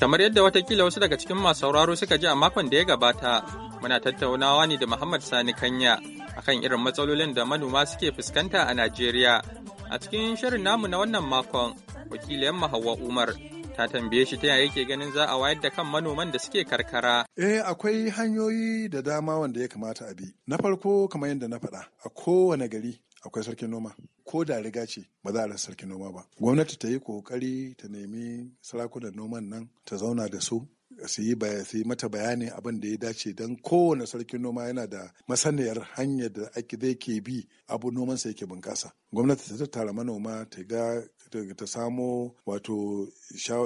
Kamar yadda watakila wasu daga cikin masu sauraro suka ji a makon da ya gabata, muna tattaunawa ne da Muhammad Sani Kanya akan irin matsalolin da manoma suke fuskanta a Najeriya. A cikin shirin namu na wannan makon, wakilin Hauwa Umar ta tambaye shi ta yaya yake ganin za a wayar da kan manoman da suke karkara. Eh akwai hanyoyi da dama wanda ya kamata a bi. Na farko kamar yadda na faɗa, a kowane gari akwai sarkin noma. ko da riga ce ba za a rasa sarkin noma ba gwamnati ta yi kokari ta nemi sarakunan noman nan ta zauna da su su yi mata bayani abin da ya dace don kowane sarkin noma yana da masaniyar hanyar da ake zai ke bi abu nomansa yake bunƙasa gwamnati ta tattara manoma ta ga ta samo wato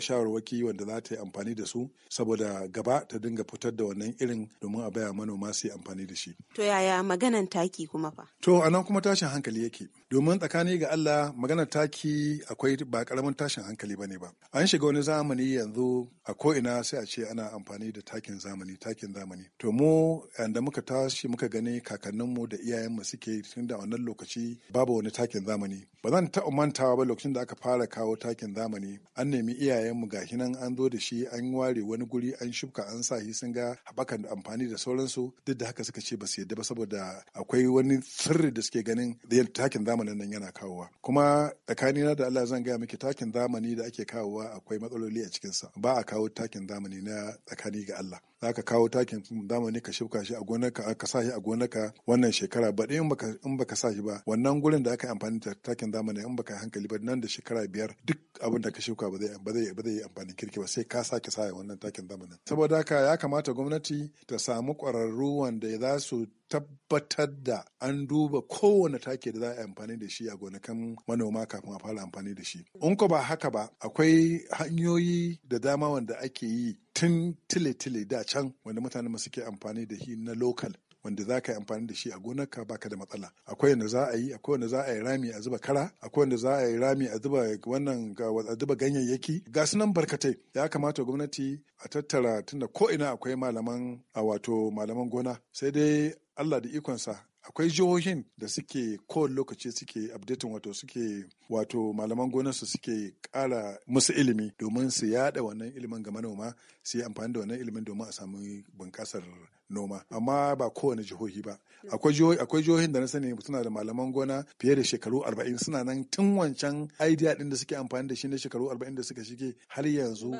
shawarwaki wanda za ta yi amfani da su saboda gaba ta dinga fitar da wannan irin domin a baya manoma su yi amfani da shi. To yaya maganan taki kuma fa? To anan kuma tashin hankali yake. Domin tsakani ga Allah maganar taki akwai ba karamin tashin hankali bane ba. An shiga wani zamani yanzu a koina sai a ce ana amfani da takin zamani takin zamani. To mu da muka tashi muka gani kakanninmu da iyayenmu suke tun da wannan lokaci babu wani takin zamani. Ba zan taɓa mantawa ba lokacin da aka fara kawo takin zamani an nemi iyayenmu ga nan an zo da shi an ware wani guri an shubka an sa shi sun ga haɓakan da amfani da sauransu duk da haka suka ce ba su yadda ba saboda akwai wani sirri da suke ganin takin zamanin nan yana kawowa kuma tsakanina da Allah zan gaya miki takin zamani da ake kawowa akwai matsaloli a cikinsa ba a kawo takin zamani na tsakani ga Allah ka kawo takin zamani ka shuka shi a gonarka ka sa shi a gonarka wannan shekara ba in baka in baka sa shi ba wannan gurin da aka yi amfani da takin zamani in baka hankali ba nan da shekara biyar duk abin da ka shuka ba zai ba zai ba zai amfani kirki ba sai ka sake sa wannan takin zamani saboda haka ya kamata gwamnati ta samu ƙwararru wanda za su tabbatar da an duba kowane take da za a yi amfani da shi a gonakan manoma kafin a fara amfani da shi. In ko ba haka ba akwai hanyoyi da dama wanda ake yi tun tile-tile da can wanda mutane mu suke amfani da shi na lokal wanda za ka yi amfani da shi a gonar gonarka baka da matsala akwai wanda za a yi akwai wanda za a yi rami a zuba kara akwai wanda za a yi rami a zuba wannan a zuba ganyayyaki ga su nan barkatai ya kamata gwamnati a tattara tunda ko ina akwai malaman a wato malaman gona sai dai Allah da ikonsa akwai jihohin da suke kowane lokaci suke updating wato suke wato malaman gonarsu suke kara musu ilimi domin su yada wannan ilimin ga manoma su yi amfani da wannan ilimin domin a samu bunƙasar noma amma ba kowane jihohi ba akwai jihohi akwai jihohin da na sani suna da malaman gona fiye da shekaru 40 suna nan tun wancan idea din da suke amfani da shi na shekaru 40 da suka shige har yanzu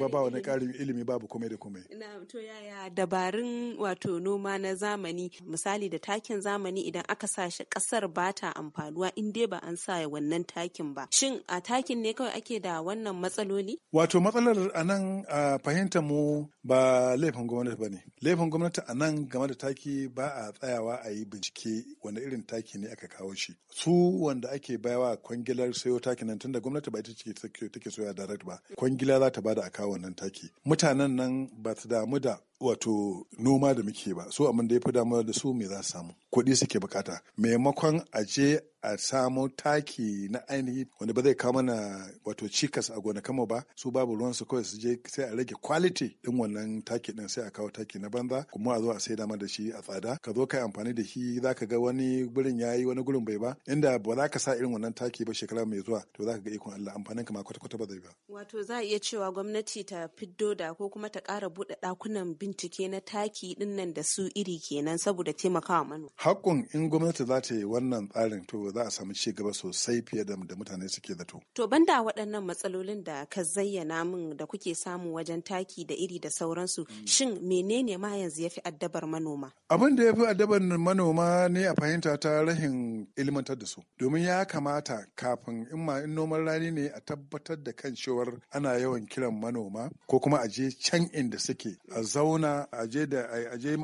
ba ba wani karin ilimi babu komai da komai ina to yaya dabarun wato noma na zamani misali da takin zamani idan aka sa shi kasar ba ta amfanuwa in dai ba an sa wannan takin ba shin a takin ne kawai ake da wannan matsaloli wato matsalar anan a fahimtar mu ba laifin gwamnati bane laifin gwamnati tabbata a nan game da taki ba a tsayawa a yi bincike wanda irin taki ne aka kawo shi su wanda ake bayawa kwangilar sayo taki nan tunda gwamnati ba ita ce take soya direct ba kwangila za ta bada a kawo wannan taki mutanen nan ba su damu da wato noma da muke ba so abin da ya fi damar da su mai za su samu kuɗi suke bukata maimakon a je a samu taki na ainihi wanda ba zai kawo mana wato cikas a gona kama ba su babu ruwan su kawai su je sai a rage kwaliti. din wannan taki din sai a kawo taki na banza kuma a zo a sai dama da shi a tsada ka zo kai amfani da shi zaka ga wani gurin yayi wani gurin bai ba inda ba za ka sa irin wannan taki ba shekara mai zuwa to zaka ga ikon Allah amfanin ka ma kwata kwata ba zai ba wato za a iya cewa gwamnati ta fiddo da ko kuma ta ƙara buɗe ɗakunan bincike na taki dinnan da su iri kenan saboda taimakawa manoma. Hakkun in gwamnati za ta yi wannan tsarin to za a samu ci gaba sosai fiye da mutane suke zato. To banda waɗannan matsalolin da ka zayyana min da kuke samu wajen taki da iri da sauransu mm. shin menene ma yanzu ya fi addabar manoma? Abin da ya fi addabar manoma ne a fahimta ta rahin ilmantar da su. Domin ya kamata kafin in ma in noman rani ne a tabbatar da kan cewar ana yawan kiran manoma ko kuma a je can inda suke a zaune. zauna a je da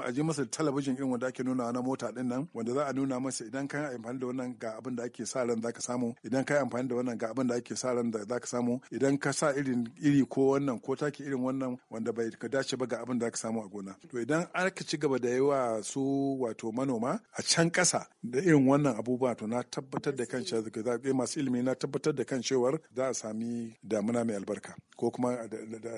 a je masa talabijin irin wanda ake nuna na mota din nan wanda za a nuna masa idan kai amfani da wannan ga abin da ake sa ran zaka samu idan kai amfani da wannan ga abin da ake sa ran da zaka samu idan ka sa irin iri ko wannan ko taki irin wannan wanda bai ka dace ba ga abin da zaka samu a gona to idan aka ci gaba da yawa su wato manoma a can kasa da irin wannan abubuwa to na tabbatar da kan cewa masu ilimi na tabbatar da kan cewar za a sami damuna mai albarka ko kuma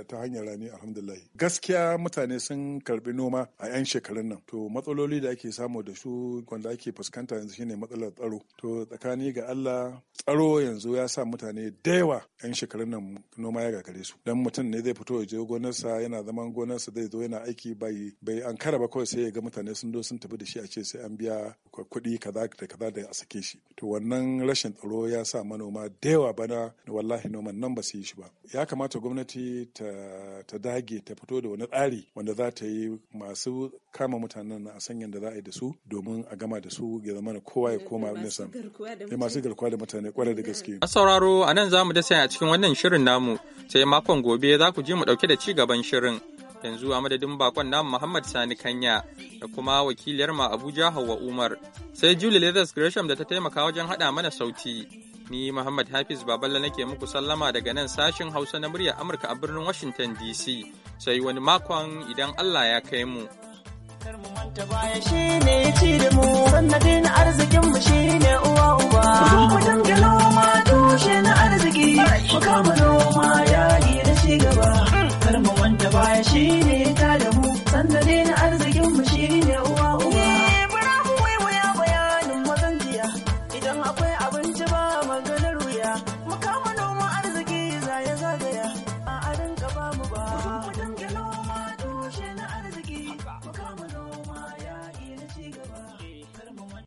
ta hanyar rani alhamdulillah gaskiya mutane sun karbi noma a 'yan shekarun nan to matsaloli da ake samu da su wanda ake fuskanta yanzu shine matsalar tsaro to tsakani ga Allah tsaro yanzu ya sa mutane da yawa 'yan shekarun nan noma ya gagare su dan mutum ne zai fito ya je gonarsa yana zaman gonarsa zai zo yana aiki bai bai an kara ba kawai sai ya ga mutane sun zo sun tafi da shi a ce sai an biya kuɗi kaza da kaza da a sake shi to wannan rashin tsaro ya sa manoma da yawa bana wallahi noman nan ba su yi shi ba ya kamata gwamnati ta dage ta fito da wani tsari wanda za ta yi masu kama mutanen na a san yadda za a yi da su domin a gama da su ya zama kowa ya koma nesa da masu garkuwa da mutane kwarai da gaske. a sauraro a nan za mu da a cikin wannan shirin namu sai makon gobe za ku je mu dauke da ci gaban shirin yanzu a madadin bakon namu muhammad sani kanya da kuma wakiliyar ma abuja hawa umar sai julie leathers gresham da ta taimaka wajen haɗa mana sauti Ni Muhammad Hafiz Baballa nake muku sallama daga nan sashin Hausa na muryar Amurka a birnin Washington DC. Sai wani makon idan Allah ya kai mu. Kar mu manta baya shi ne ci da mu, sanadin arzikinmu shi ne uwa uba. Kudin ma na